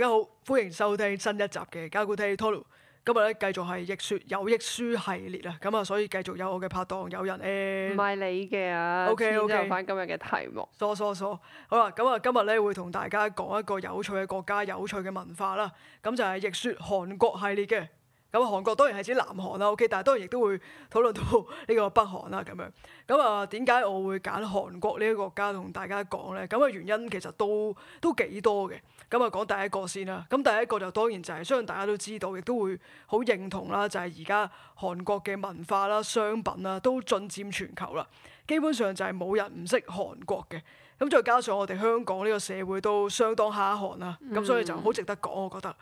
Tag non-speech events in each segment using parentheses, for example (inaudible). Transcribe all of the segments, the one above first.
大家好，歡迎收聽新一集嘅《加古聽你透露》。今日咧繼續係逆說有益書系列啊，咁啊，所以繼續有我嘅拍檔友人誒，唔係你嘅啊，O K O K，翻今日嘅題目，嗦嗦嗦，好啦，咁啊，今日咧會同大家講一個有趣嘅國家、有趣嘅文化啦，咁就係逆說韓國系列嘅。咁韓國當然係指南韓啦，OK？但係當然亦都會討論到呢個北韓啦，咁樣。咁啊，點解我會揀韓國呢個國家同大家講呢？咁嘅原因其實都都幾多嘅。咁啊，講第一個先啦。咁第一個就當然就係、是，相信大家都知道，亦都會好認同啦。就係而家韓國嘅文化啦、商品啦都進佔全球啦。基本上就係冇人唔識韓國嘅。咁再加上我哋香港呢個社會都相當哈韓啦，咁、嗯、所以就好值得講，我覺得。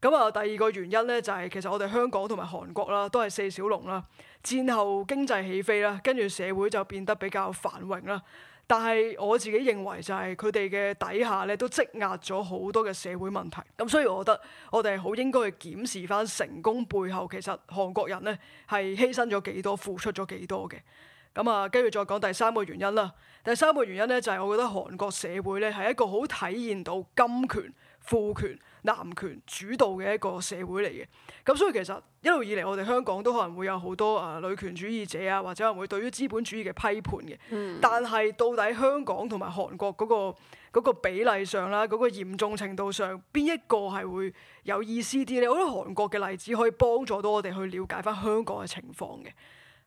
咁啊，第二個原因咧，就係其實我哋香港同埋韓國啦，都係四小龍啦，戰後經濟起飛啦，跟住社會就變得比較繁榮啦。但係我自己認為就係佢哋嘅底下咧，都積壓咗好多嘅社會問題。咁所以，我覺得我哋好應該去檢視返成功背後，其實韓國人咧係犧牲咗幾多、付出咗幾多嘅。咁啊，跟住再講第三個原因啦。第三個原因咧，就係我覺得韓國社會咧係一個好體現到金權、父權、男權主導嘅一個社會嚟嘅，咁所以其實一路以嚟我哋香港都可能會有好多啊、呃、女權主義者啊，或者可能會對於資本主義嘅批判嘅。嗯。但係到底香港同埋韓國嗰個嗰個比例上啦，嗰個嚴重程度上，邊一個係會有意思啲咧？我覺得韓國嘅例子可以幫助到我哋去了解翻香港嘅情況嘅，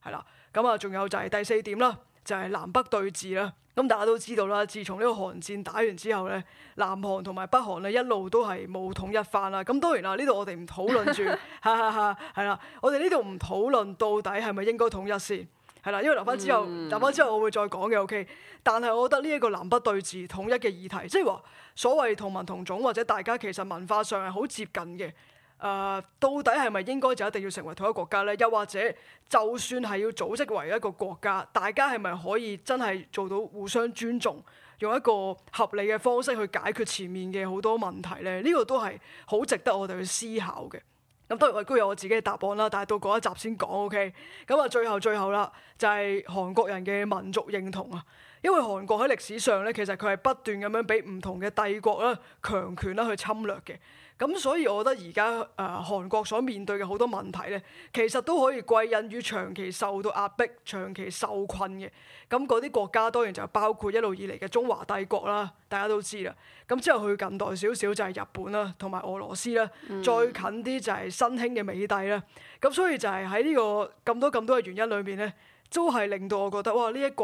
係啦。咁啊，仲有就係第四點啦，就係南北對峙啦。咁大家都知道啦，自從呢個韓戰打完之後呢，南韓同埋北韓呢一路都係冇統一翻啦。咁當然啦，呢度我哋唔討論住，係啦， (laughs) (laughs) 我哋呢度唔討論到底係咪應該統一先，係啦，因為留翻之後，嗯、留翻之後我會再講嘅，OK。但係我覺得呢一個南北對峙統一嘅議題，即係話所謂同文同種或者大家其實文化上係好接近嘅。誒，到底係咪應該就一定要成為同一國家呢？又或者，就算係要組織為一個國家，大家係咪可以真係做到互相尊重，用一個合理嘅方式去解決前面嘅好多問題呢？呢個都係好值得我哋去思考嘅。咁當然我都有我自己嘅答案啦，但係到嗰一集先講，OK？咁啊，最後最後啦，就係韓國人嘅民族認同啊，因為韓國喺歷史上呢，其實佢係不斷咁樣俾唔同嘅帝國啦、強權啦去侵略嘅。咁所以我覺得而家誒韓國所面對嘅好多問題咧，其實都可以歸因於長期受到壓迫、長期受困嘅。咁嗰啲國家當然就包括一路以嚟嘅中華帝國啦，大家都知啦。咁之後去近代少少就係日本啦，同埋俄羅斯啦，嗯、再近啲就係新興嘅美帝啦。咁所以就係喺呢個咁多咁多嘅原因裏面咧，都係令到我覺得哇！呢一季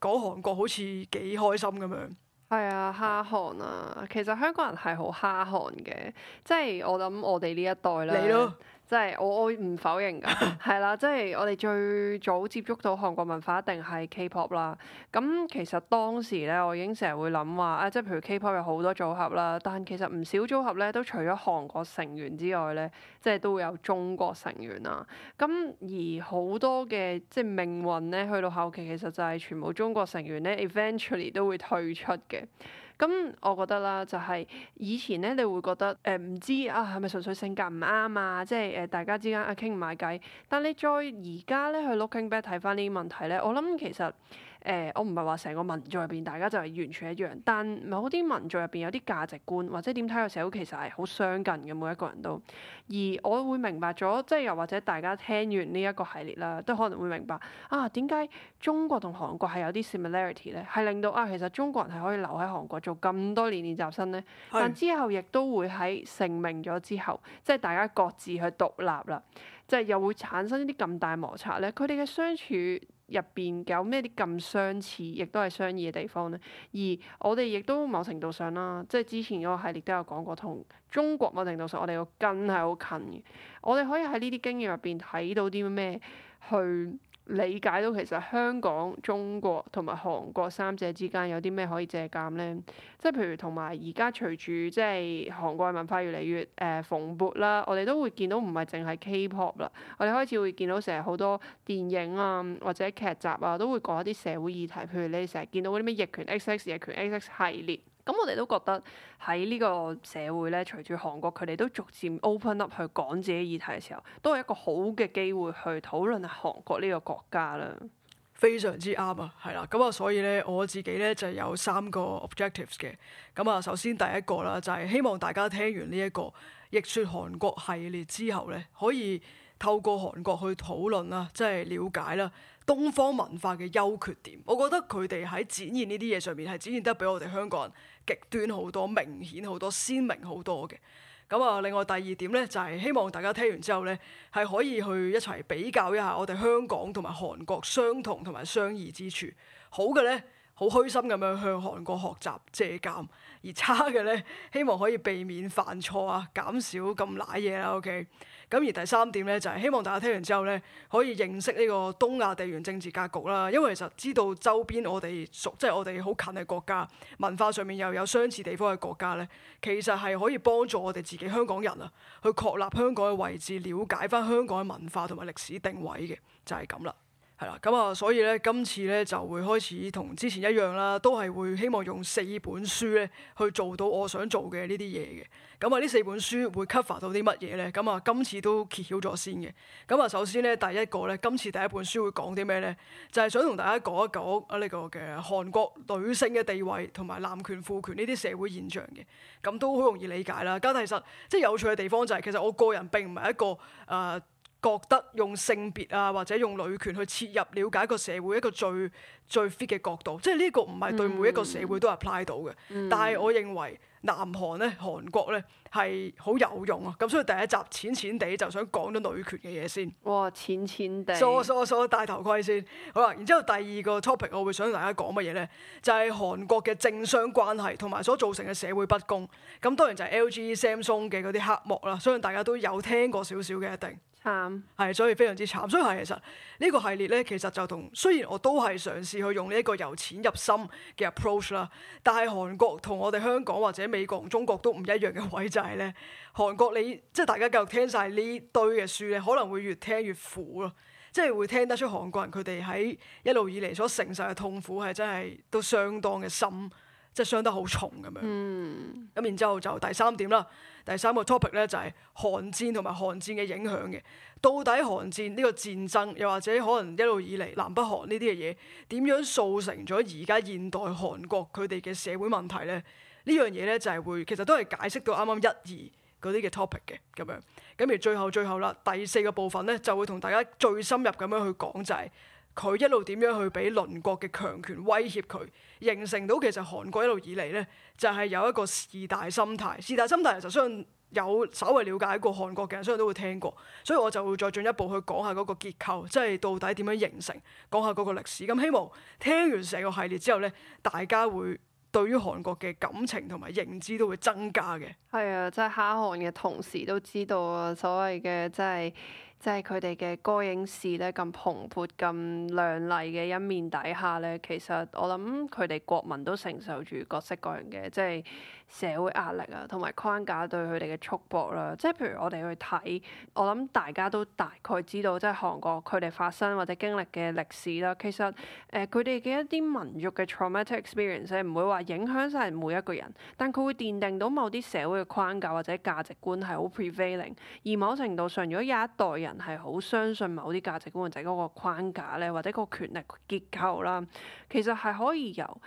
講韓國好似幾開心咁樣。係啊，哎，蝦韓啊，其實香港人係好蝦韓嘅，即係我諗我哋呢一代啦。即係我我唔否認嘅，係啦，即係我哋最早接觸到韓國文化一定係 K-pop 啦。咁其實當時咧，我已經成日會諗話啊，即係譬如 K-pop 有好多組合啦，但其實唔少組合咧都除咗韓國成員之外咧，即係都會有中國成員啊。咁而好多嘅即係命運咧，去到後期其實就係全部中國成員咧，eventually 都會退出嘅。咁我覺得啦，就係、是、以前咧，你會覺得誒唔、呃、知啊，係咪純粹性格唔啱啊？即係誒、呃、大家之間啊傾唔埋偈。但你再而家咧去 looking back 睇返呢啲問題咧，我諗其實。誒、呃，我唔係話成個民族入邊大家就係完全一樣，但某啲民族入邊有啲價值觀或者點睇個社會其實係好相近嘅，每一個人都。而我會明白咗，即係又或者大家聽完呢一個系列啦，都可能會明白啊點解中國同韓國係有啲 similarity 咧，係令到啊其實中國人係可以留喺韓國做咁多年練習生咧，是但之後亦都會喺成名咗之後，即係大家各自去獨立啦。即係又會產生一啲咁大摩擦咧，佢哋嘅相處入邊有咩啲咁相似，亦都係相異嘅地方咧。而我哋亦都某程度上啦，即係之前嗰個系列都有講過，同中國某程度上我哋個根係好近嘅。我哋可以喺呢啲經驗入邊睇到啲咩去？理解到其實香港、中國同埋韓國三者之間有啲咩可以借鑑咧？即係譬如同埋而家隨住即係韓國嘅文化越嚟越誒、呃、蓬勃啦，我哋都會見到唔係淨係 K-pop 啦，我哋開始會見到成日好多電影啊或者劇集啊都會講一啲社會議題，譬如你哋成日見到嗰啲咩逆權 XX、逆權 XX 系列。咁我哋都覺得喺呢個社會咧，隨住韓國佢哋都逐漸 open up 去講自己議題嘅時候，都係一個好嘅機會去討論啊韓國呢個國家啦。非常之啱啊，係啦，咁啊，所以咧我自己咧就有三個 objectives 嘅。咁啊，首先第一個啦，就係希望大家聽完呢、這、一個逆說韓國系列之後咧，可以透過韓國去討論啦，即、就、係、是、了解啦。東方文化嘅優缺點，我覺得佢哋喺展現呢啲嘢上面係展現得比我哋香港人極端好多、明顯好多、鮮明好多嘅。咁啊，另外第二點呢，就係希望大家聽完之後呢，係可以去一齊比較一下我哋香港同埋韓國相同同埋相異之處。好嘅呢，好虛心咁樣向韓國學習借鑑；而差嘅呢，希望可以避免犯錯啊，減少咁瀨嘢啦。OK。咁而第三點咧，就係、是、希望大家聽完之後咧，可以認識呢個東亞地緣政治格局啦。因為其實知道周邊我哋熟，即、就、係、是、我哋好近嘅國家，文化上面又有相似地方嘅國家咧，其實係可以幫助我哋自己香港人啊，去確立香港嘅位置，了解翻香港嘅文化同埋歷史定位嘅，就係咁啦。係啦，咁啊、嗯，所以咧，今次咧就會開始同之前一樣啦，都係會希望用四本書咧去做到我想做嘅呢啲嘢嘅。咁、嗯、啊，呢四本書會 cover 到啲乜嘢咧？咁、嗯、啊，今次都揭曉咗先嘅。咁、嗯、啊，首先咧，第一個咧，今次第一本書會講啲咩咧？就係、是、想同大家講一講啊，呢、那個嘅韓國女性嘅地位同埋男權父權呢啲社會現象嘅。咁、嗯、都好容易理解啦。咁，其實即係有趣嘅地方就係、是，其實我個人並唔係一個啊。呃覺得用性別啊，或者用女權去切入了解一個社會一個最最 fit 嘅角度，即係呢個唔係對每一個社會都 apply 到嘅。Mm hmm. 但係我認為南韓咧、韓國咧係好有用啊！咁所以第一集淺淺地就想講咗女權嘅嘢先。哇，淺淺地。梳梳梳戴頭盔先。好啦，然之後第二個 topic 我會想同大家講乜嘢咧？就係、是、韓國嘅政商關係同埋所造成嘅社會不公。咁當然就係 LG Samsung 嘅嗰啲黑幕啦。相信大家都有聽過少少嘅，一定。慘係，所以非常之慘。所以係，其實呢個系列咧，其實就同雖然我都係嘗試去用呢一個由淺入深嘅 approach 啦。但係韓國同我哋香港或者美國同中國都唔一樣嘅位就係咧，韓國你即係大家繼續聽晒呢堆嘅書咧，可能會越聽越苦咯。即係會聽得出韓國人佢哋喺一路以嚟所承受嘅痛苦係真係都相當嘅深。即係傷得好重咁樣，咁、嗯、然之後就第三點啦。第三個 topic 咧就係韓戰同埋韓戰嘅影響嘅。到底韓戰呢個戰爭，又或者可能一路以嚟南北韓呢啲嘅嘢，點樣造成咗而家現代韓國佢哋嘅社會問題咧？呢樣嘢咧就係會其實都係解釋到啱啱一二嗰啲嘅 topic 嘅咁樣。咁而最後最後啦，第四個部分咧就會同大家最深入咁樣去講就係、是。佢一路點樣去俾鄰國嘅強權威脅佢，形成到其實韓國一路以嚟呢，就係、是、有一個事大心態。事大心態，其實相信有稍微了解過韓國嘅人，相信都會聽過。所以我就會再進一步去講下嗰個結構，即係到底點樣形成，講下嗰個歷史。咁希望聽完成個系列之後呢，大家會對於韓國嘅感情同埋認知都會增加嘅。係啊，即係哈韓嘅同事都知道啊，所謂嘅即係。即係佢哋嘅歌影視咧，咁蓬勃、咁亮麗嘅一面底下咧，其實我諗佢哋國民都承受住各式各樣嘅，即係。社會壓力啊，同埋框架對佢哋嘅束縛啦，即係譬如我哋去睇，我諗大家都大概知道，即係韓國佢哋發生或者經歷嘅歷史啦。其實誒，佢哋嘅一啲民族嘅 traumatic experience 唔會話影響晒每一個人，但佢會奠定到某啲社會嘅框架或者價值觀係好 prevailing。而某程度上，如果有一代人係好相信某啲價值觀或者嗰個框架咧，或者個權力結構啦，其實係可以由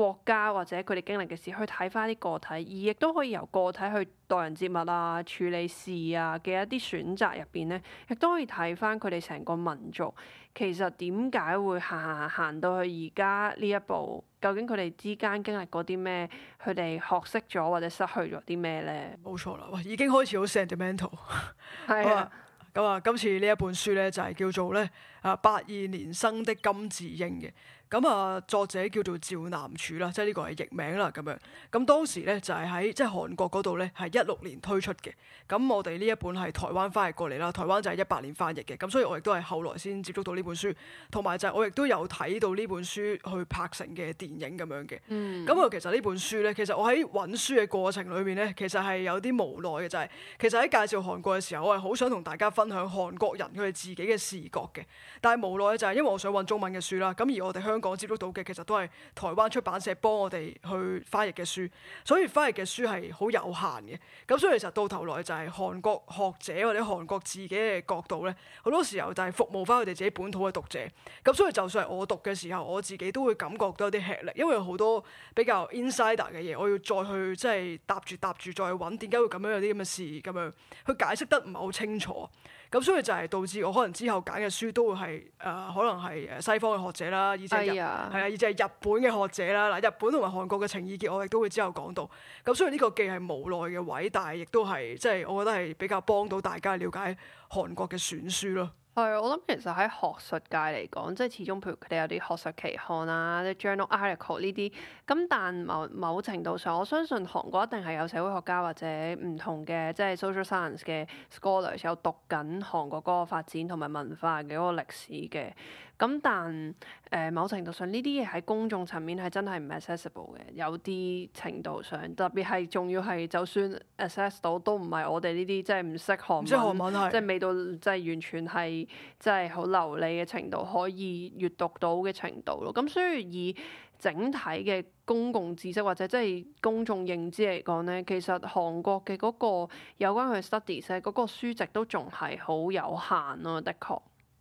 國家或者佢哋經歷嘅事，去睇翻啲個體，而亦都可以由個體去待人接物啊、處理事啊嘅一啲選擇入邊呢，亦都可以睇翻佢哋成個民族。其實點解會行行行到去而家呢一步？究竟佢哋之間經歷過啲咩？佢哋學識咗或者失去咗啲咩呢？冇錯啦，已經開始好 sentimental。係啊，咁啊，今次呢一本書呢，就係叫做呢啊「八二年生的金智英」嘅。咁啊，作者叫做趙南柱啦，即係呢個係譯名啦，咁樣，咁當時咧就係喺即係韓國嗰度咧，係一六年推出嘅。咁我哋呢一本係台灣翻譯過嚟啦，台灣就係一八年翻譯嘅。咁所以我亦都係後來先接觸到呢本書，同埋就係我亦都有睇到呢本書去拍成嘅電影咁樣嘅。嗯。咁啊，其實呢本書咧，其實我喺揾書嘅過程裏面咧，其實係有啲無奈嘅，就係其實喺介紹韓國嘅時候，我係好想同大家分享韓國人佢哋自己嘅視覺嘅，但係無奈就係因為我想揾中文嘅書啦，咁而我哋香。港接觸到嘅其實都係台灣出版社幫我哋去翻譯嘅書，所以翻譯嘅書係好有限嘅。咁所以其實到頭來就係韓國學者或者韓國自己嘅角度咧，好多時候就係服務返佢哋自己本土嘅讀者。咁所以就算係我讀嘅時候，我自己都會感覺到有啲吃力，因為有好多比較 insider 嘅嘢，我要再去即係搭住搭住再揾點解會咁樣有啲咁嘅事咁樣，佢解釋得唔係好清楚。咁所以就係導致我可能之後揀嘅書都會係誒、呃、可能係西方嘅學者啦，而且係日，、哎、呀日本嘅學者啦，日本同埋韓國嘅情意結我亦都會之後講到。咁所以呢個既係無奈嘅位，但係亦都係即係我覺得係比較幫到大家了解韓國嘅選書咯。係啊，我諗其實喺學術界嚟講，即係始終譬如佢哋有啲學術期刊啊、即 journal article 呢啲，咁但某某程度上，我相信韓國一定係有社會學家或者唔同嘅即係 social science 嘅 scholars 有讀緊韓國嗰個發展同埋文化嘅嗰個歷史嘅。咁但誒某程度上，呢啲嘢喺公眾層面係真係唔 accessible 嘅，有啲程度上，特別係仲要係就算 access 到都唔係我哋呢啲即係唔識韓文，即係未到即係完全係。即係好流利嘅程度，可以閱讀到嘅程度咯。咁所以以整體嘅公共知識或者即係公眾認知嚟講咧，其實韓國嘅嗰個有關佢 Studies 嗰個書籍都仲係好有限咯，的確。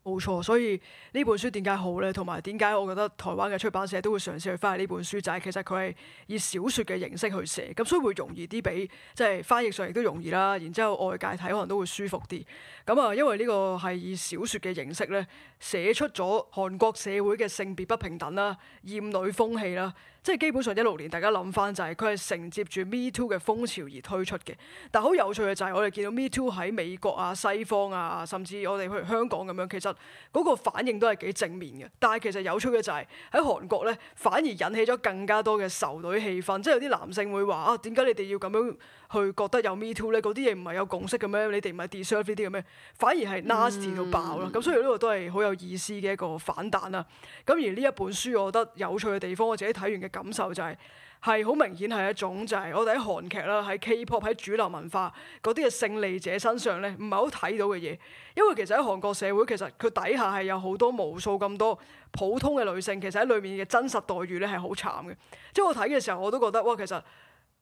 冇錯，所以呢本書點解好呢？同埋點解我覺得台灣嘅出版社都會嘗試去翻呢本書，就係其實佢係以小説嘅形式去寫，咁所以會容易啲俾即係翻譯上亦都容易啦。然之後外界睇可能都會舒服啲。咁啊，因為呢個係以小説嘅形式呢，寫出咗韓國社會嘅性別不平等啦、厭女風氣啦。即係基本上一六年，大家諗返就係佢係承接住 Me Too 嘅風潮而推出嘅。但係好有趣嘅就係我哋見到 Me Too 喺美國啊、西方啊，甚至我哋去香港咁樣，其實嗰個反應都係幾正面嘅。但係其實有趣嘅就係喺韓國咧，反而引起咗更加多嘅仇女氣氛，即係有啲男性會話啊，點解你哋要咁樣？去覺得有 me too 咧，嗰啲嘢唔係有共識嘅咩？你哋唔係 deserve 呢啲嘅咩？反而係 nasty 到爆咯。咁、嗯、所以呢個都係好有意思嘅一個反彈啊。咁而呢一本書，我覺得有趣嘅地方，我自己睇完嘅感受就係係好明顯係一種就係我哋喺韓劇啦、喺 K-pop、喺主流文化嗰啲嘅勝利者身上咧，唔係好睇到嘅嘢。因為其實喺韓國社會，其實佢底下係有好多無數咁多普通嘅女性，其實喺裡面嘅真實待遇咧係好慘嘅。即係我睇嘅時候，我都覺得哇，其實～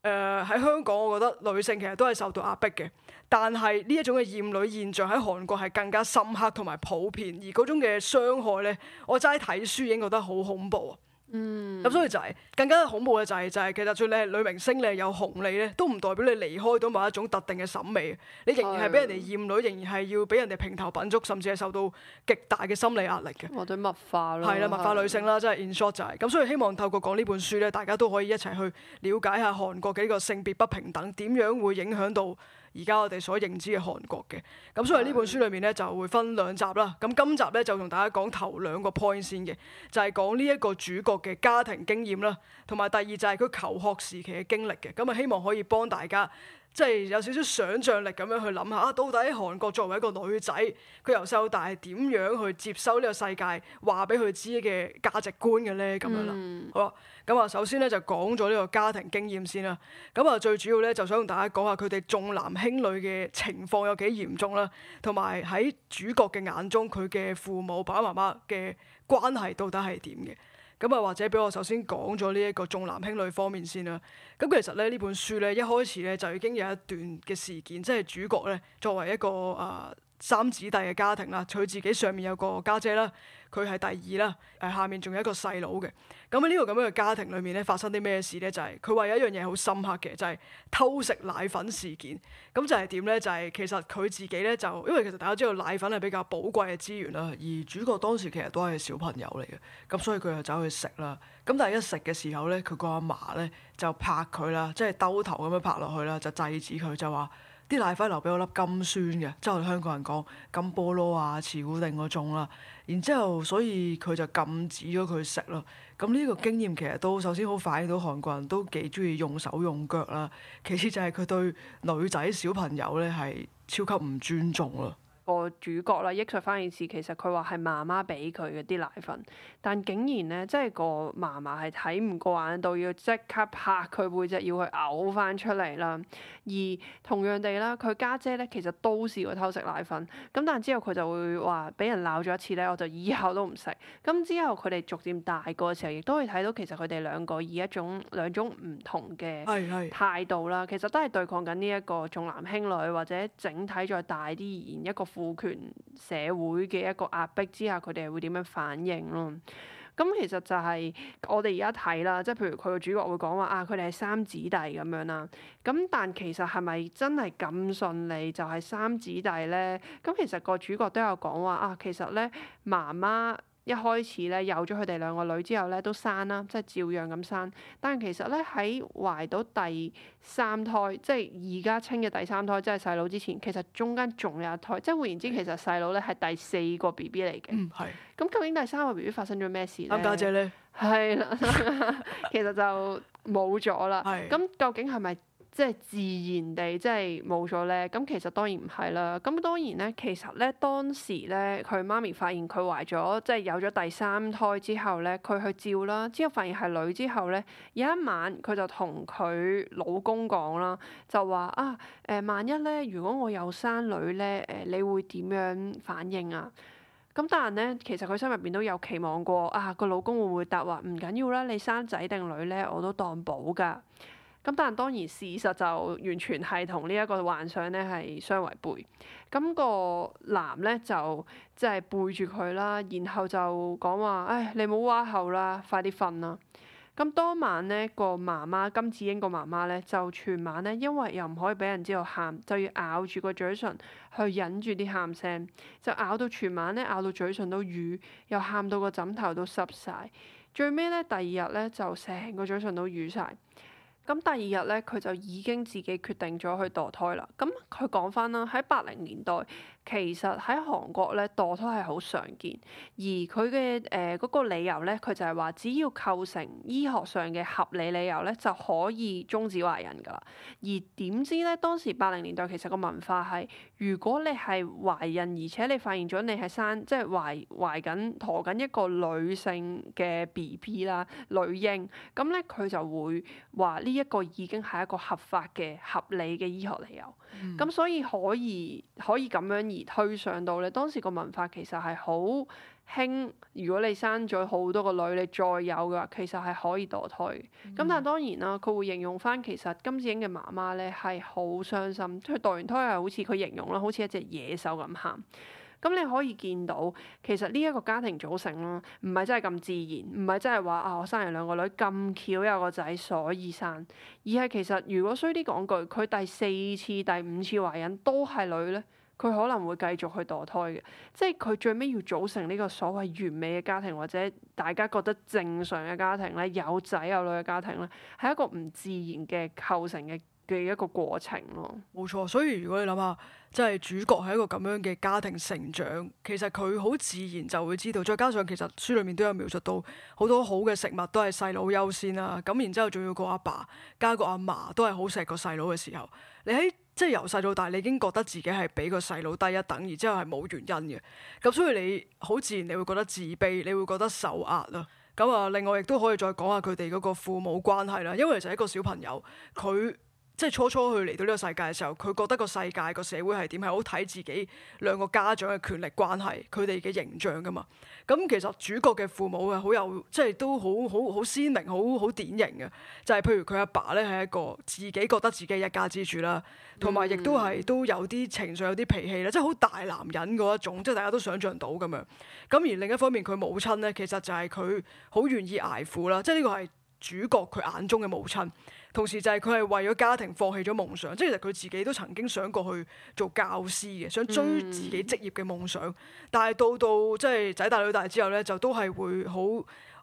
誒喺、呃、香港，我覺得女性其實都係受到壓迫嘅，但係呢一種嘅厭女現象喺韓國係更加深刻同埋普遍，而嗰種嘅傷害咧，我齋睇書已經覺得好恐怖啊！嗯，咁所以就係、是、更加恐怖嘅就係就係其實就算你係女明星，你係有紅利咧，都唔代表你離開到某一種特定嘅審美，你仍然係俾人哋厭女，仍然係要俾人哋評頭品足，甚至係受到極大嘅心理壓力嘅。或者物化啦，係啦，物化女性啦，即係的 in short 就係、是、咁，所以希望透過講呢本書咧，大家都可以一齊去了解下韓國嘅呢個性別不平等點樣會影響到。而家我哋所認知嘅韓國嘅，咁所以呢本書裏面呢就會分兩集啦。咁今集呢，就同大家講頭兩個 point 先嘅，就係講呢一個主角嘅家庭經驗啦，同埋第二就係佢求學時期嘅經歷嘅。咁啊，希望可以幫大家。即係有少少想像力咁樣去諗下，到底韓國作為一個女仔，佢由細到大係點樣去接收呢個世界話俾佢知嘅價值觀嘅呢？咁樣啦。好啦，咁啊首先咧就講咗呢個家庭經驗先啦。咁啊最主要咧就想同大家講下佢哋重男輕女嘅情況有幾嚴重啦，同埋喺主角嘅眼中佢嘅父母爸爸媽媽嘅關係到底係點嘅？咁啊，或者俾我首先講咗呢一個重男輕女方面先啦。咁其實咧，呢本書咧一開始咧就已經有一段嘅事件，即係主角咧作為一個啊，呃三子弟嘅家庭啦，佢自己上面有個家姐啦，佢係第二啦，誒下面仲有一個細佬嘅。咁喺呢個咁樣嘅家庭裏面咧，發生啲咩事咧？就係佢話有一樣嘢好深刻嘅，就係、是、偷食奶粉事件。咁就係點咧？就係、是、其實佢自己咧，就因為其實大家知道奶粉係比較寶貴嘅資源啦，而主角當時其實都係小朋友嚟嘅，咁所以佢就走去食啦。咁但係一食嘅時候咧，佢個阿嫲咧就拍佢啦，即、就、係、是、兜頭咁樣拍落去啦，就制止佢就話。啲奶粉留俾我粒金酸嘅，即係香港人講金菠蘿啊、慈古定嗰種啦。然之後，所以佢就禁止咗佢食咯。咁呢個經驗其實都首先好反映到韓國人都幾中意用手用腳啦。其次就係佢對女仔小朋友咧係超級唔尊重啦。個主角啦，憶述返件事。其實佢話係媽媽俾佢嗰啲奶粉，但竟然咧，即係個嫲嫲係睇唔過眼到要，要即刻拍佢背脊要去嘔翻出嚟啦。而同樣地啦，佢家姐咧，其實都試過偷食奶粉。咁但之後佢就會話俾人鬧咗一次咧，我就以後都唔食。咁之後佢哋逐漸大個嘅時候，亦都可以睇到其實佢哋兩個以一種兩種唔同嘅態度啦，是是其實都係對抗緊呢一個重男輕女或者整體再大啲而言一個。父權社會嘅一個壓迫之下，佢哋係會點樣反應咯？咁其實就係我哋而家睇啦，即係譬如佢個主角會講話啊，佢哋係三姊弟咁樣啦。咁但其實係咪真係咁順利就係三姊弟咧？咁其實個主角都有講話啊，其實咧媽媽。一開始咧，有咗佢哋兩個女之後咧，都生啦，即係照樣咁生。但係其實咧，喺懷到第三胎，即係而家稱嘅第三胎，即係細佬之前，其實中間仲有一胎，即係換言之，其實細佬咧係第四個 B B 嚟嘅。嗯，係。咁究竟第三個 B B 發生咗咩事咧？阿家姐咧，係啦，其實就冇咗啦。係。咁究竟係咪？即係自然地，即係冇咗咧。咁其實當然唔係啦。咁當然咧，其實咧當時咧，佢媽咪發現佢懷咗，即係有咗第三胎之後咧，佢去照啦，之後發現係女之後咧，有一晚佢就同佢老公講啦，就話啊，誒萬一咧，如果我又生女咧，誒你會點樣反應啊？咁但係咧，其實佢心入邊都有期望過啊，個老公會唔會答話唔緊要啦，你生仔定女咧，我都當寶㗎。咁但係當然事實就完全係同呢一個幻想咧係相違背，咁個男咧就即係背住佢啦，然後就講話，唉，你冇話後啦，快啲瞓啦。咁當晚咧，個媽媽，金智英個媽媽咧就全晚咧，因為又唔可以俾人知道喊，就要咬住個嘴唇去忍住啲喊聲，就咬到全晚咧，咬到嘴唇都瘀，又喊到個枕頭都濕晒。最尾咧，第二日咧就成個嘴唇都瘀晒。咁第二日咧，佢就已經自己決定咗去墮胎啦。咁佢講翻啦，喺八零年代。其實喺韓國咧墮胎係好常見，而佢嘅誒嗰個理由咧，佢就係話只要構成醫學上嘅合理理由咧，就可以終止懷孕噶啦。而點知咧，當時八零年代其實個文化係，如果你係懷孕，而且你發現咗你係生即係、就是、懷懷緊，駝緊一個女性嘅 B B 啦女嬰，咁咧佢就會話呢一個已經係一個合法嘅合理嘅醫學理由，咁、嗯、所以可以可以咁樣。而推上到咧，當時個文化其實係好興，如果你生咗好多個女，你再有嘅話其實係可以墮胎嘅。咁、嗯、但係當然啦，佢會形容翻，其實金智英嘅媽媽咧係好傷心，佢墮完胎係好似佢形容啦，好似一隻野獸咁喊。咁你可以見到其實呢一個家庭組成啦，唔係真係咁自然，唔係真係話啊我生完兩個女咁巧有個仔所以生，而係其實如果衰啲講句，佢第四次、第五次懷孕都係女咧。佢可能會繼續去墮胎嘅，即係佢最尾要組成呢個所謂完美嘅家庭，或者大家覺得正常嘅家庭咧，有仔有女嘅家庭咧，係一個唔自然嘅構成嘅嘅一個過程咯。冇錯，所以如果你諗下，即係主角係一個咁樣嘅家庭成長，其實佢好自然就會知道。再加上其實書裏面都有描述到好多好嘅食物都係細佬優先啦。咁然之後仲要個阿爸加個阿嫲都係好錫個細佬嘅時候，你喺。即係由細到大，你已經覺得自己係比個細佬低一等，而之後係冇原因嘅。咁所以你好自然，你會覺得自卑，你會覺得受壓啦。咁啊，另外亦都可以再講下佢哋嗰個父母關係啦。因為其實一個小朋友佢。即係初初佢嚟到呢個世界嘅時候，佢覺得個世界個社會係點，係好睇自己兩個家長嘅權力關係，佢哋嘅形象噶嘛。咁其實主角嘅父母係好有即係都好好好鮮明、好好典型嘅，就係、是、譬如佢阿爸咧係一個自己覺得自己一家之主啦，同埋亦都係都有啲情緒、有啲脾氣啦，即係好大男人嗰一種，即係大家都想象到咁樣。咁而另一方面，佢母親咧其實就係佢好願意捱苦啦，即係呢個係主角佢眼中嘅母親。同時就係佢係為咗家庭放棄咗夢想，即係其實佢自己都曾經想過去做教師嘅，想追自己職業嘅夢想。嗯、但係到到即係仔大女大之後咧，就都係會好，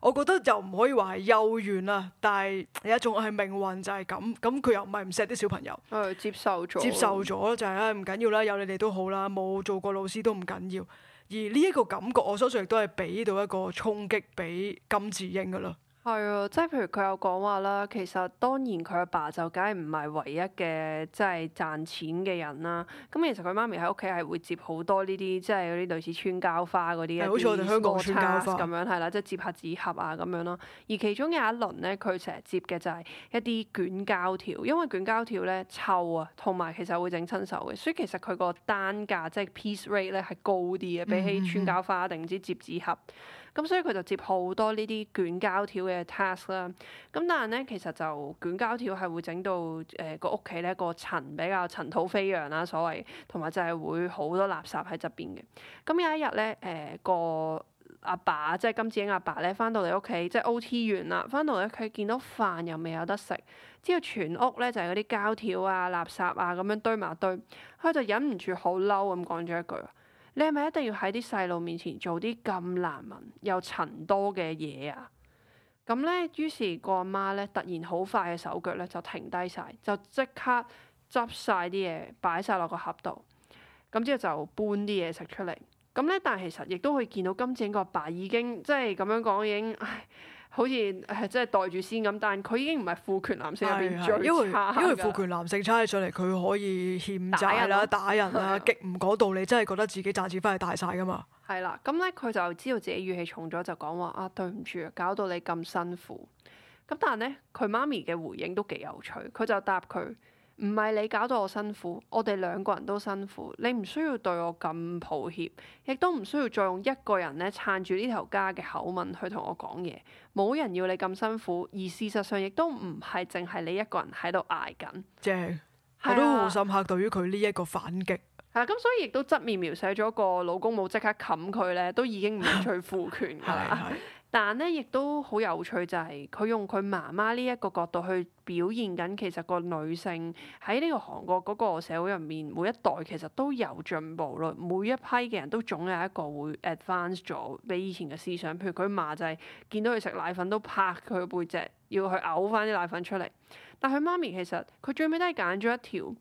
我覺得又唔可以話係幽怨啦，但係有一種係命運就係咁。咁佢又唔係唔錫啲小朋友、嗯，接受咗，接受咗就係、係誒唔緊要啦，有你哋都好啦，冇做過老師都唔緊要。而呢一個感覺，我相信亦都係俾到一個衝擊俾金智英噶啦。係啊，即係譬如佢有講話啦，其實當然佢阿爸就梗係唔係唯一嘅，即係賺錢嘅人啦。咁其實佢媽咪喺屋企係會接好多呢啲，即係嗰啲類似穿膠花嗰啲好似我哋香港咁樣，係啦，即係接下紙盒啊咁樣咯。而其中有一輪咧，佢成日接嘅就係一啲捲膠條，因為捲膠條咧，臭啊，同埋其實會整親手嘅，所以其實佢個單價即係 piece rate 咧係高啲嘅，比起穿膠花定唔知接紙盒。咁、嗯、所以佢就接好多呢啲捲膠條嘅 task 啦。咁但係咧，其實就捲膠條係會整到誒、呃、個屋企咧個塵比較塵土飛揚啦，所謂同埋就係會好多垃圾喺側邊嘅。咁、嗯、有一日咧，誒、呃、個阿爸，爸即係金智英阿爸咧，翻到嚟屋企即係 OT 完啦，翻到嚟屋企見到飯又未有得食，之後全屋咧就係嗰啲膠條啊、垃圾啊咁樣堆埋堆，佢就忍唔住好嬲咁講咗一句。你係咪一定要喺啲細路面前做啲咁難聞又塵多嘅嘢啊？咁咧，於是個阿媽咧突然好快嘅手腳咧就停低晒，就即刻執晒啲嘢擺晒落個盒度。咁之後就搬啲嘢食出嚟。咁咧，但係其實亦都可以見到金智英個阿爸已經即係咁樣講已經。 (laughs) 好似係真係袋住先咁，但係佢已經唔係父權男性入邊最差嘅。是是是，因為因為父權男性差起上嚟，佢可以欠債啦、打人啦，極唔講道理，真係覺得自己賺錢返去大晒㗎嘛。係啦，咁咧佢就知道自己語氣重咗，就講話啊，對唔住，搞到你咁辛苦。咁但係咧，佢媽咪嘅回應都幾有趣，佢就答佢。唔係你搞到我辛苦，我哋兩個人都辛苦。你唔需要對我咁抱歉，亦都唔需要再用一個人咧撐住呢頭家嘅口吻去同我講嘢。冇人要你咁辛苦，而事實上亦都唔係淨係你一個人喺度挨緊。正，啊，我都好深刻對於佢呢一個反擊。啊，咁所以亦都側面描寫咗個老公冇即刻冚佢咧，都已經唔再負權噶啦 (laughs) 但咧，亦都好有趣、就是，就係佢用佢媽媽呢一個角度去表現緊。其實個女性喺呢個韓國嗰個社會入面，每一代其實都有進步咯。每一批嘅人都總有一個會 advance 咗比以前嘅思想。譬如佢嫲就係、是、見到佢食奶粉都拍佢背脊，要去嘔翻啲奶粉出嚟。但佢媽咪其實佢最尾都係揀咗一條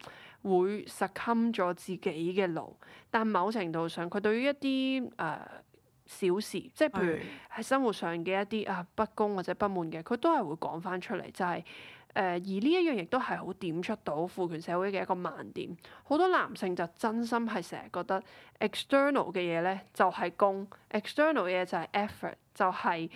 會 succumb 咗自己嘅路。但某程度上，佢對於一啲誒。呃小事，即係譬如喺生活上嘅一啲啊不公或者不滿嘅，佢都係會講翻出嚟，就係、是、誒、呃、而呢一樣亦都係好點出到父權社會嘅一個盲點。好多男性就真心係成日覺得 ex 呢、就是、external 嘅嘢咧就係功，external 嘅嘢就係 effort，就係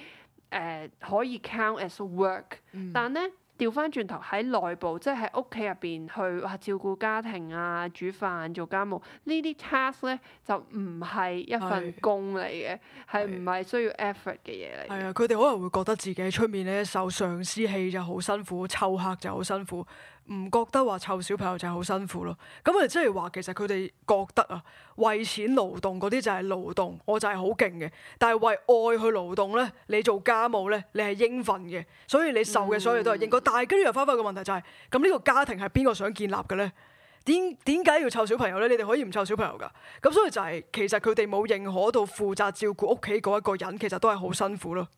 誒可以 count as work、嗯、但咧。調翻轉頭喺內部，即係喺屋企入邊去照顧家庭啊、煮飯、做家務呢啲 task 咧就唔係一份工嚟嘅，係唔係需要 effort 嘅嘢嚟？係啊，佢哋可能會覺得自己出面咧受上司氣就好辛苦，湊客就好辛苦。唔覺得話湊小朋友就係好辛苦咯，咁啊即係話其實佢哋覺得啊，為錢勞動嗰啲就係勞動，我就係好勁嘅。但係為愛去勞動咧，你做家務咧，你係應份嘅，所以你受嘅所有都係應該。但係跟住又翻返個問題就係，咁呢個家庭係邊個想建立嘅咧？點點解要湊小朋友咧？你哋可以唔湊小朋友噶。咁所以就係，其實佢哋冇認可到負責照顧屋企嗰一個人，其實都係好辛苦咯。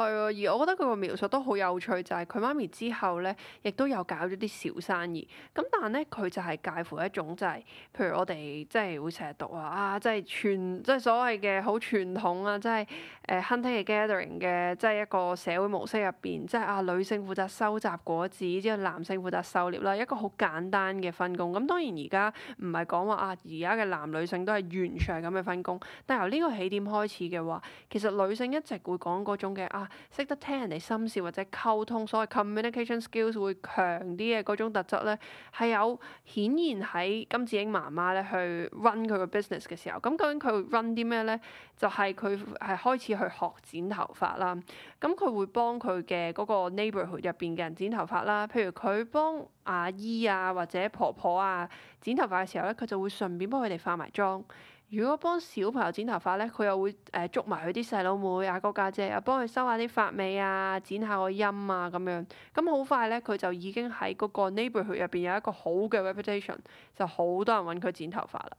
係啊，而我覺得佢個描述都好有趣，就係佢媽咪之後咧，亦都有搞咗啲小生意。咁但咧，佢就係介乎一種就係，譬如我哋即係會成日讀話啊，即係全，即係所謂嘅好傳統啊，即係誒 hunting and gathering 嘅，即係一個社會模式入邊，即係啊女性負責收集果子，之後男性負責狩獵啦，一個好簡單嘅分工。咁當然而家唔係講話啊，而家嘅男女性都係完全咁嘅分工。但由呢個起點開始嘅話，其實女性一直會講嗰種嘅啊。識得聽人哋心事或者溝通，所謂 communication skills 會強啲嘅嗰種特質咧，係有顯然喺金智英媽媽咧去 run 佢個 business 嘅時候。咁究竟佢 run 啲咩咧？就係佢係開始去學剪頭髮啦。咁、嗯、佢會幫佢嘅嗰個 neighborhood 入邊嘅人剪頭髮啦。譬如佢幫阿姨啊或者婆婆啊剪頭髮嘅時候咧，佢就會順便幫佢哋化埋妝。如果幫小朋友剪頭髮咧，佢又會誒捉埋佢啲細佬妹、阿哥家姐，姐，又幫佢修下啲髮尾啊、剪下個陰啊咁樣，咁好快咧，佢就已經喺嗰個 neighborhood 入邊有一個好嘅 reputation，就好多人揾佢剪頭髮啦。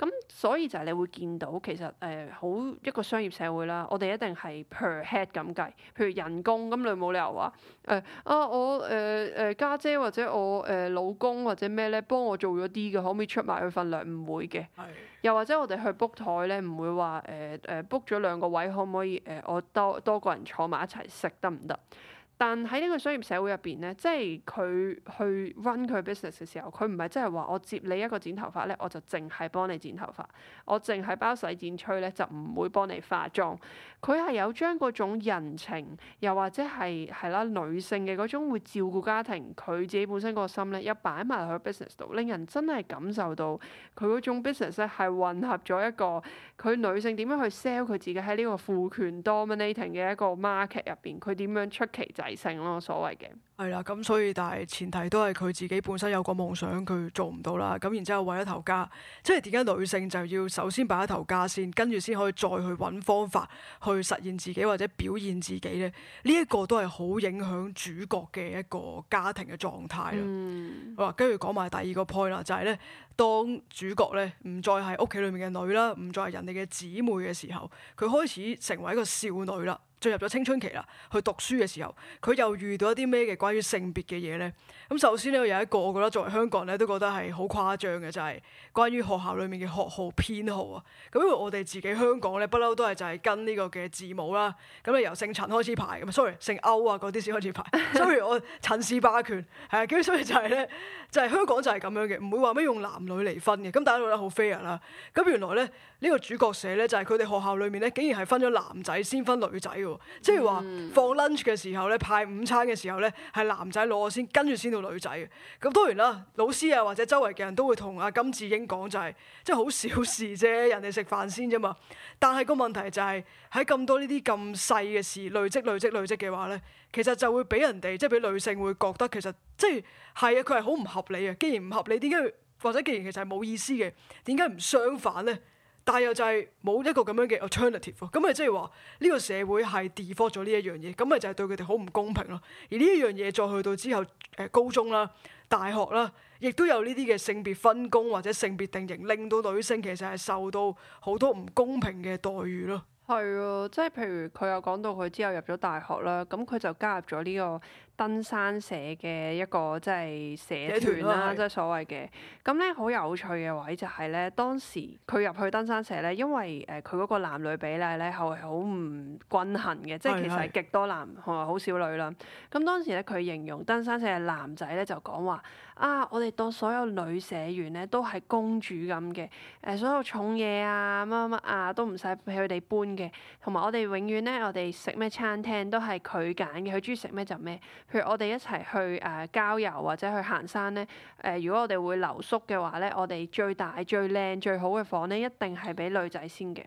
咁所以就係你會見到，其實誒、呃、好一個商業社會啦。我哋一定係 per head 咁計，譬如人工咁，你冇理由話誒、呃、啊我誒誒家姐或者我誒、呃、老公或者咩咧幫我做咗啲嘅，可唔可以出埋佢份糧？唔會嘅。係。又或者我哋去 book 台咧，唔會話誒誒 book 咗兩個位，可唔可以誒我、呃、多多個人坐埋一齊食得唔得？行但喺呢個商業社會入邊咧，即係佢去 run 佢 business 嘅時候，佢唔係即係話我接你一個剪頭髮咧，我就淨係幫你剪頭髮，我淨係包洗剪吹咧，就唔會幫你化妝。佢係有將嗰種人情，又或者係，係啦，女性嘅嗰種會照顧家庭，佢自己本身個心咧，一擺埋去 business 度，令人真係感受到佢嗰種 business 咧係混合咗一個佢女性點樣去 sell 佢自己喺呢個父權 dominating 嘅一個 market 入邊，佢點樣出奇制勝咯，所謂嘅。係啦，咁所以但係前提都係佢自己本身有個夢想，佢做唔到啦。咁然之後為咗頭家，即係點解女性就要首先擺一頭家先，跟住先可以再去揾方法。去實現自己或者表現自己咧，呢一個都係好影響主角嘅一個家庭嘅狀態啦。哇、嗯，跟住講埋第二個 point 啦，就係咧，當主角咧唔再係屋企裏面嘅女啦，唔再係人哋嘅姊妹嘅時候，佢開始成為一個少女啦。進入咗青春期啦，去讀書嘅時候，佢又遇到一啲咩嘅關於性別嘅嘢咧？咁首先咧，有一個我覺得作為香港人咧都覺得係好誇張嘅，就係、是、關於學校裡面嘅學號編號啊。咁因為我哋自己香港咧，不嬲都係就係跟呢個嘅字母啦。咁啊由姓陳開始排，唔 sorry，姓歐啊嗰啲先開始排。sorry，我陳氏霸權係啊，咁所以就係、是、咧，就係、是、香港就係咁樣嘅，唔會話咩用男女嚟分嘅。咁大家都覺得好 fair 啦。咁原來咧呢個主角寫咧就係佢哋學校裡面咧，竟然係分咗男仔先分女仔嘅。即係話放 lunch 嘅時候咧，派午餐嘅時候咧，係男仔攞先，跟住先到女仔嘅。咁當然啦，老師啊或者周圍嘅人都會同阿金智英講、就是，就係即係好小事啫，人哋食飯先啫嘛。但係個問題就係喺咁多這這累積累積累積呢啲咁細嘅事累積累積累積嘅話咧，其實就會俾人哋即係俾女性會覺得其實即係係啊，佢係好唔合理啊。既然唔合理，點解或者既然其實係冇意思嘅，點解唔相反咧？但又就係冇一個咁樣嘅 alternative 喎，咁咪即係話呢個社會係 defer 咗呢一樣嘢，咁咪就係對佢哋好唔公平咯。而呢一樣嘢再去到之後誒高中啦、大學啦，亦都有呢啲嘅性別分工或者性別定型，令到女性其實係受到好多唔公平嘅待遇咯。係啊，即係譬如佢又講到佢之後入咗大學啦，咁佢就加入咗呢個登山社嘅一個即係社團啦，團即係所謂嘅。咁咧好有趣嘅位就係、是、咧，當時佢入去登山社咧，因為誒佢嗰個男女比例咧係好唔均衡嘅，是是即係其實係極多男同埋好少女啦。咁當時咧佢形容登山社嘅男仔咧就講話啊，我哋當所有女社員咧都係公主咁嘅，誒所有重嘢啊乜乜啊都唔使俾佢哋搬嘅，同埋我哋永遠咧，我哋食咩餐廳都係佢揀嘅，佢中意食咩就咩。譬如我哋一齊去誒、呃、郊遊或者去行山咧，誒、呃、如果我哋會留宿嘅話咧，我哋最大最靚最好嘅房咧，一定係俾女仔先嘅。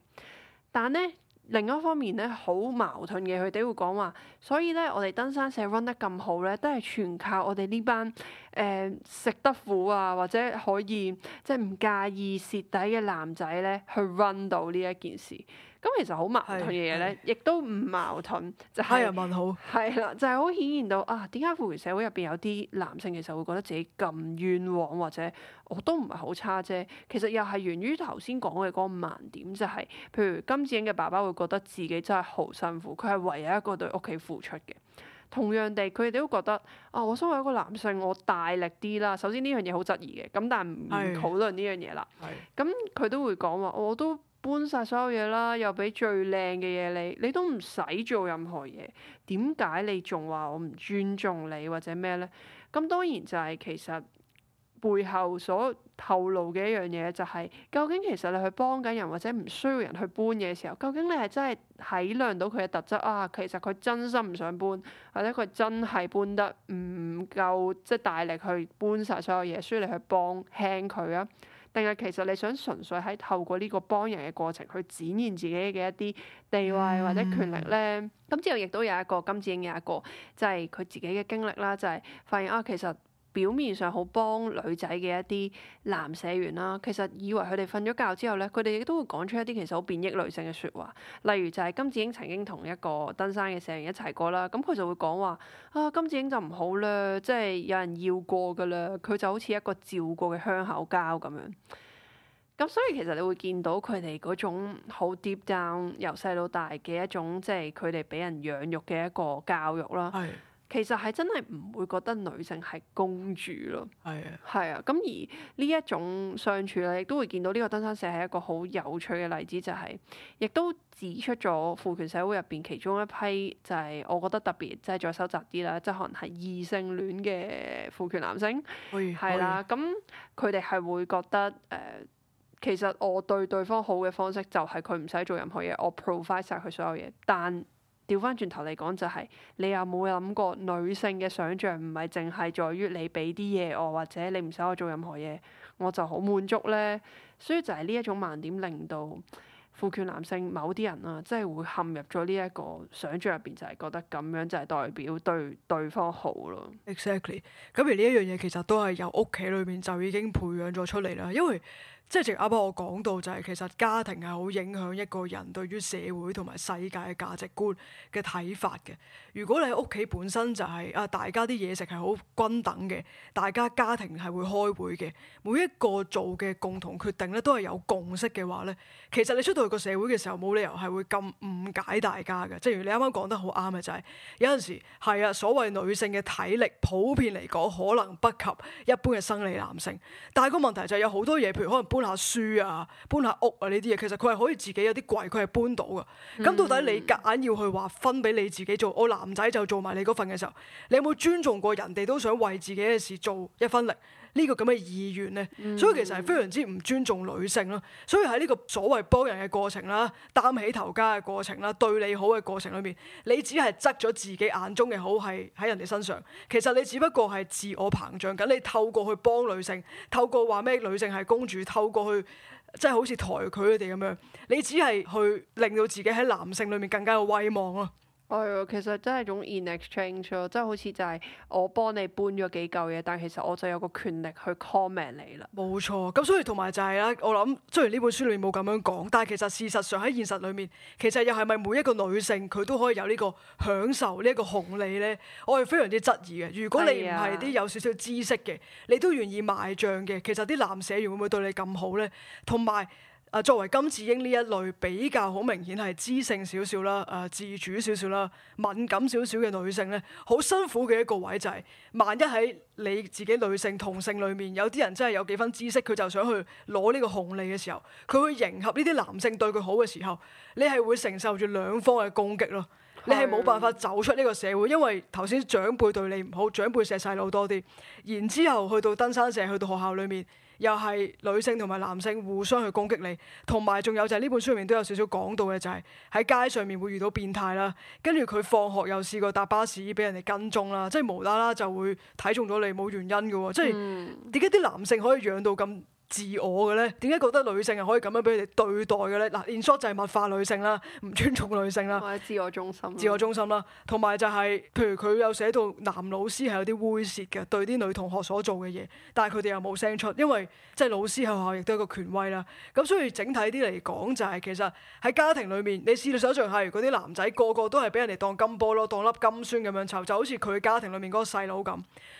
但咧另一方面咧，好矛盾嘅，佢哋會講話，所以咧我哋登山社 run 得咁好咧，都係全靠我哋呢班誒食得苦啊或者可以即係唔介意蝕底嘅男仔咧，去 run 到呢一件事。咁其實好矛盾嘅嘢咧，亦的都唔矛盾，就係、是、人、哎、問好，係啦，就係、是、好顯現到啊點解父權社會入邊有啲男性其實會覺得自己咁冤枉，或者我都唔係好差啫。其實又係源於頭先講嘅嗰個盲點、就是，就係譬如金智英嘅爸爸會覺得自己真係好辛苦，佢係唯一一個對屋企付出嘅。同樣地，佢哋都覺得啊，我身為一個男性，我大力啲啦。首先呢樣嘢好質疑嘅，咁但唔討論呢樣嘢啦。係咁的，佢都會講話，我都。搬晒所有嘢啦，又俾最靚嘅嘢你，你都唔使做任何嘢，點解你仲話我唔尊重你或者咩咧？咁當然就係其實背後所透露嘅一樣嘢、就是，就係究竟其實你去幫緊人或者唔需要人去搬嘢嘅時候，究竟你係真係體諒到佢嘅特質啊？其實佢真心唔想搬，或者佢真係搬得唔夠即係、就是、大力去搬晒所有嘢，需要你去幫輕佢啊？定係其實你想純粹喺透過呢個幫人嘅過程去展現自己嘅一啲地位或者權力咧？咁、嗯、之後亦都有一個金智英有一個，就係、是、佢自己嘅經歷啦，就係、是、發現啊，其實。表面上好幫女仔嘅一啲男社員啦，其實以為佢哋瞓咗覺之後咧，佢哋亦都會講出一啲其實好貶抑女性嘅説話。例如就係金智英曾經同一個登山嘅社員一齊過啦，咁佢就會講話，啊，金智英就唔好啦，即係有人要過噶啦，佢就好似一個照過嘅香口膠咁樣。咁所以其實你會見到佢哋嗰種好 deep down 由細到大嘅一種，即係佢哋俾人養育嘅一個教育啦。係。其實係真係唔會覺得女性係公主咯，係啊的，咁而呢一種相處咧，亦都會見到呢個登山社係一個好有趣嘅例子，就係、是、亦都指出咗父權社會入邊其中一批就係我覺得特別，就係、是、再收窄啲啦，即、就、係、是、可能係異性戀嘅父權男性，係啦。咁佢哋係會覺得誒、呃，其實我對對方好嘅方式就係佢唔使做任何嘢，我 provide 曬佢所有嘢，但調翻轉頭嚟講就係，你有冇諗過女性嘅想象唔係淨係在於你俾啲嘢我，或者你唔使我做任何嘢，我就好滿足咧。所以就係呢一種盲點令到父權男性某啲人啊，即係會陷入咗呢一個想象入邊，就係覺得咁樣就係代表對對方好咯。Exactly。咁而呢一樣嘢其實都係由屋企裏面就已經培養咗出嚟啦，因為。即係正如啱啱我講到，就係其實家庭係好影響一個人對於社會同埋世界嘅價值觀嘅睇法嘅。如果你喺屋企本身就係啊，大家啲嘢食係好均等嘅，大家家庭係會開會嘅，每一個做嘅共同決定咧都係有共識嘅話咧，其實你出到去個社會嘅時候，冇理由係會咁誤解大家嘅。正如你啱啱講得好啱嘅，就係有陣時係啊，所謂女性嘅體力普遍嚟講可能不及一般嘅生理男性，但係個問題就係有好多嘢，譬如可能本下書啊，搬下屋啊，呢啲嘢，其實佢係可以自己有啲櫃，佢係搬到㗎。咁、嗯、到底你夾硬要去話分俾你自己做，我男仔就做埋你嗰份嘅時候，你有冇尊重過人哋都想為自己嘅事做一分力呢、呢個咁嘅意願呢，嗯、所以其實係非常之唔尊重女性咯。所以喺呢個所謂幫人嘅過程啦、擔起頭家嘅過程啦、對你好嘅過程裏面，你只係執咗自己眼中嘅好係喺人哋身上，其實你只不過係自我膨脹緊。你透過去幫女性，透過話咩女性係公主，好過去，即係好似抬佢哋咁樣，你只係去令到自己喺男性裏面更加有威望咯。係啊、哎，其實真係種 in exchange 咯，即係好似就係我幫你搬咗幾嚿嘢，但係其實我就有個權力去 comment 你啦。冇錯，咁所以同埋就係、是、啦，我諗雖然呢本書裏面冇咁樣講，但係其實事實上喺現實裏面，其實又係咪每一個女性佢都可以有呢個享受呢一個紅利呢？我係非常之質疑嘅。如果你唔係啲有少少知識嘅，你都願意賣賬嘅，其實啲男社員會唔會對你咁好呢？同埋。啊，作為金智英呢一類比較好明顯係知性少少啦，啊自主少少啦，敏感少少嘅女性咧，好辛苦嘅一個位就係。萬一喺你自己女性同性裡面，有啲人真係有幾分知識，佢就想去攞呢個紅利嘅時候，佢會迎合呢啲男性對佢好嘅時候，你係會承受住兩方嘅攻擊咯。你係冇辦法走出呢個社會，因為頭先長輩對你唔好，長輩錫細路多啲，然之後去到登山社，去到學校裏面。又係女性同埋男性互相去攻擊你，同埋仲有就係呢本書入面都有少少講到嘅就係喺街上面會遇到變態啦，跟住佢放學又試過搭巴士俾人哋跟蹤啦，即係無啦啦就會睇中咗你冇原因嘅喎，即係點解啲男性可以養到咁？自我嘅咧，點解覺得女性係可以咁樣俾佢哋對待嘅咧？嗱，in short 就係物化女性啦，唔尊重女性啦，或者自我中心，自我中心啦，同埋就係、是，譬如佢有寫到男老師係有啲猥褻嘅，對啲女同學所做嘅嘢，但係佢哋又冇聲出，因為即係老師喺學校亦都係一個權威啦。咁所以整體啲嚟講就係、是、其實喺家庭裡面，你試到想像係嗰啲男仔個個都係俾人哋當金波囉，當粒金孫咁樣湊，就好似佢家庭裡面嗰個細佬咁。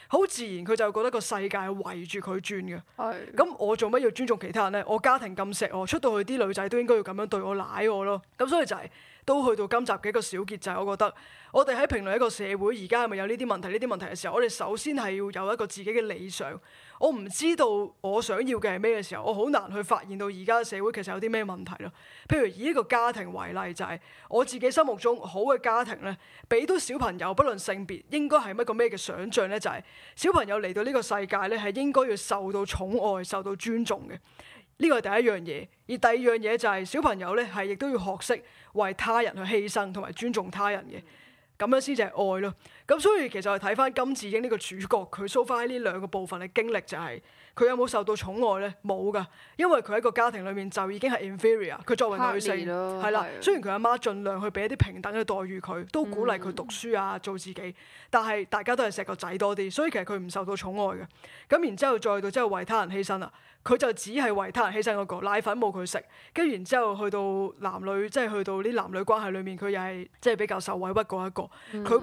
好自然佢就覺得個世界係圍住佢轉嘅。咁、哎、我做乜要尊重其他人呢？我家庭咁錫我，出到去啲女仔都應該要咁樣對我，奶我咯。咁所以就係、是、都去到今集嘅一個小結就係、是，我覺得我哋喺評論一個社會而家係咪有呢啲問題，呢啲問題嘅時候，我哋首先係要有一個自己嘅理想。我唔知道我想要嘅係咩嘅時候，我好難去發現到而家嘅社會其實有啲咩問題咯。譬如以一個家庭為例，就是，就係我自己心目中好嘅家庭，呢俾到小朋友，不論性別，應該係乜個咩嘅想像呢就係、是，小朋友嚟到呢個世界，呢係應該要受到寵愛、受到尊重嘅。呢個係第一樣嘢。而第二樣嘢就係、是，小朋友，呢係亦都要學識為他人去犧牲同埋尊重他人嘅，咁樣先至係愛咯。咁所以其實係睇翻金智英呢個主角，佢 so far 呢兩個部分嘅經歷就係、是、佢有冇受到寵愛咧？冇噶，因為佢喺個家庭裏面就已經係 inferior。佢作為女性係啦，雖然佢阿媽盡量去俾一啲平等嘅待遇佢，都鼓勵佢讀書啊、做自己，嗯、但係大家都係錫個仔多啲，所以其實佢唔受到寵愛嘅。咁然之後再到之後為他人犧牲啦，佢就只係為他人犧牲嗰、那個奶粉冇佢食，跟住然之後去到男女即係、就是、去到啲男女關係裏面，佢又係即係比較受委屈嗰一個。佢、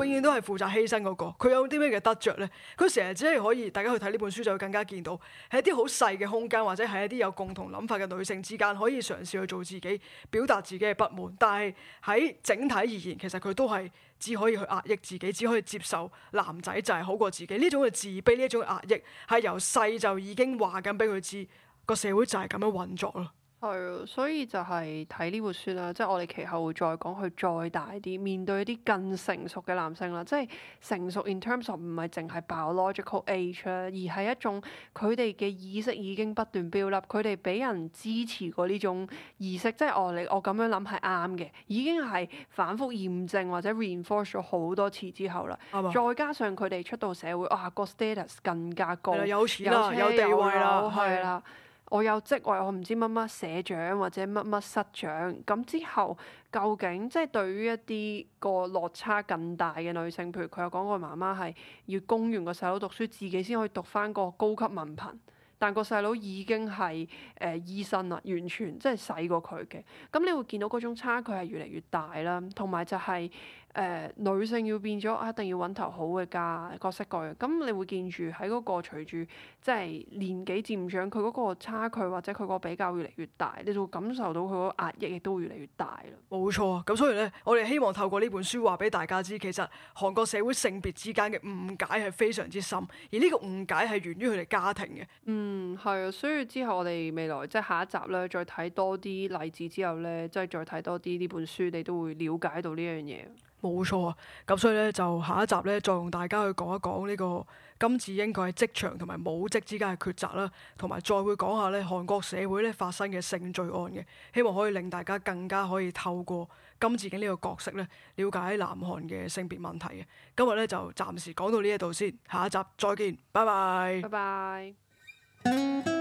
嗯、永遠都係負責。犧牲、嗰個，佢有啲咩嘅得着呢？佢成日只係可以，大家去睇呢本書就會更加見到，喺一啲好細嘅空間，或者係一啲有共同諗法嘅女性之間，可以嘗試去做自己，表達自己嘅不滿。但係喺整體而言，其實佢都係只可以去壓抑自己，只可以接受男仔就係好過自己。呢種嘅自卑，呢一種壓抑，係由細就已經話緊俾佢知，個社會就係咁樣運作咯。係啊，所以就係睇呢本書啦，即係我哋其後會再講，佢再大啲面對一啲更成熟嘅男性啦，即係成熟 in terms of，唔係淨係 biological age 啦，而係一種佢哋嘅意識已經不斷 build up，佢哋俾人支持過呢種意識，即係我你我咁樣諗係啱嘅，已經係反覆驗證或者 reinforce 咗好多次之後啦。的再加上佢哋出到社會，哇，個 status 更加高，有錢，有，有地位啦，係啦。的我有職位，我唔知乜乜社長或者乜乜室長。咁之後究竟即係、就是、對於一啲個落差更大嘅女性，譬如佢有講過個媽媽係要供完個細佬讀書，自己先可以讀返個高級文憑，但個細佬已經係誒醫生啦，完全即係細過佢嘅。咁你會見到嗰種差距係越嚟越大啦，同埋就係、是。誒、呃、女性要變咗一定要揾頭好嘅家，各式各樣。咁你會見住喺嗰個隨住即係年紀漸長，佢嗰個差距或者佢個比較越嚟越大，你就會感受到佢嗰個壓抑亦都越嚟越大啦。冇錯，咁所以咧，我哋希望透過呢本書話俾大家知，其實韓國社會性別之間嘅誤解係非常之深，而呢個誤解係源於佢哋家庭嘅。嗯，係啊，所以之後我哋未來即係下一集咧，再睇多啲例子之後咧，即係再睇多啲呢本書，你都會了解到呢樣嘢。冇錯啊，咁所以呢，就下一集呢，再同大家去講一講呢個金智英佢喺職場同埋母職之間嘅抉擇啦，同埋再會講下呢韓國社會呢發生嘅性罪案嘅，希望可以令大家更加可以透過金智英呢個角色呢，了解南韓嘅性別問題嘅。今日呢，就暫時講到呢一度先，下一集再見，拜拜，拜拜。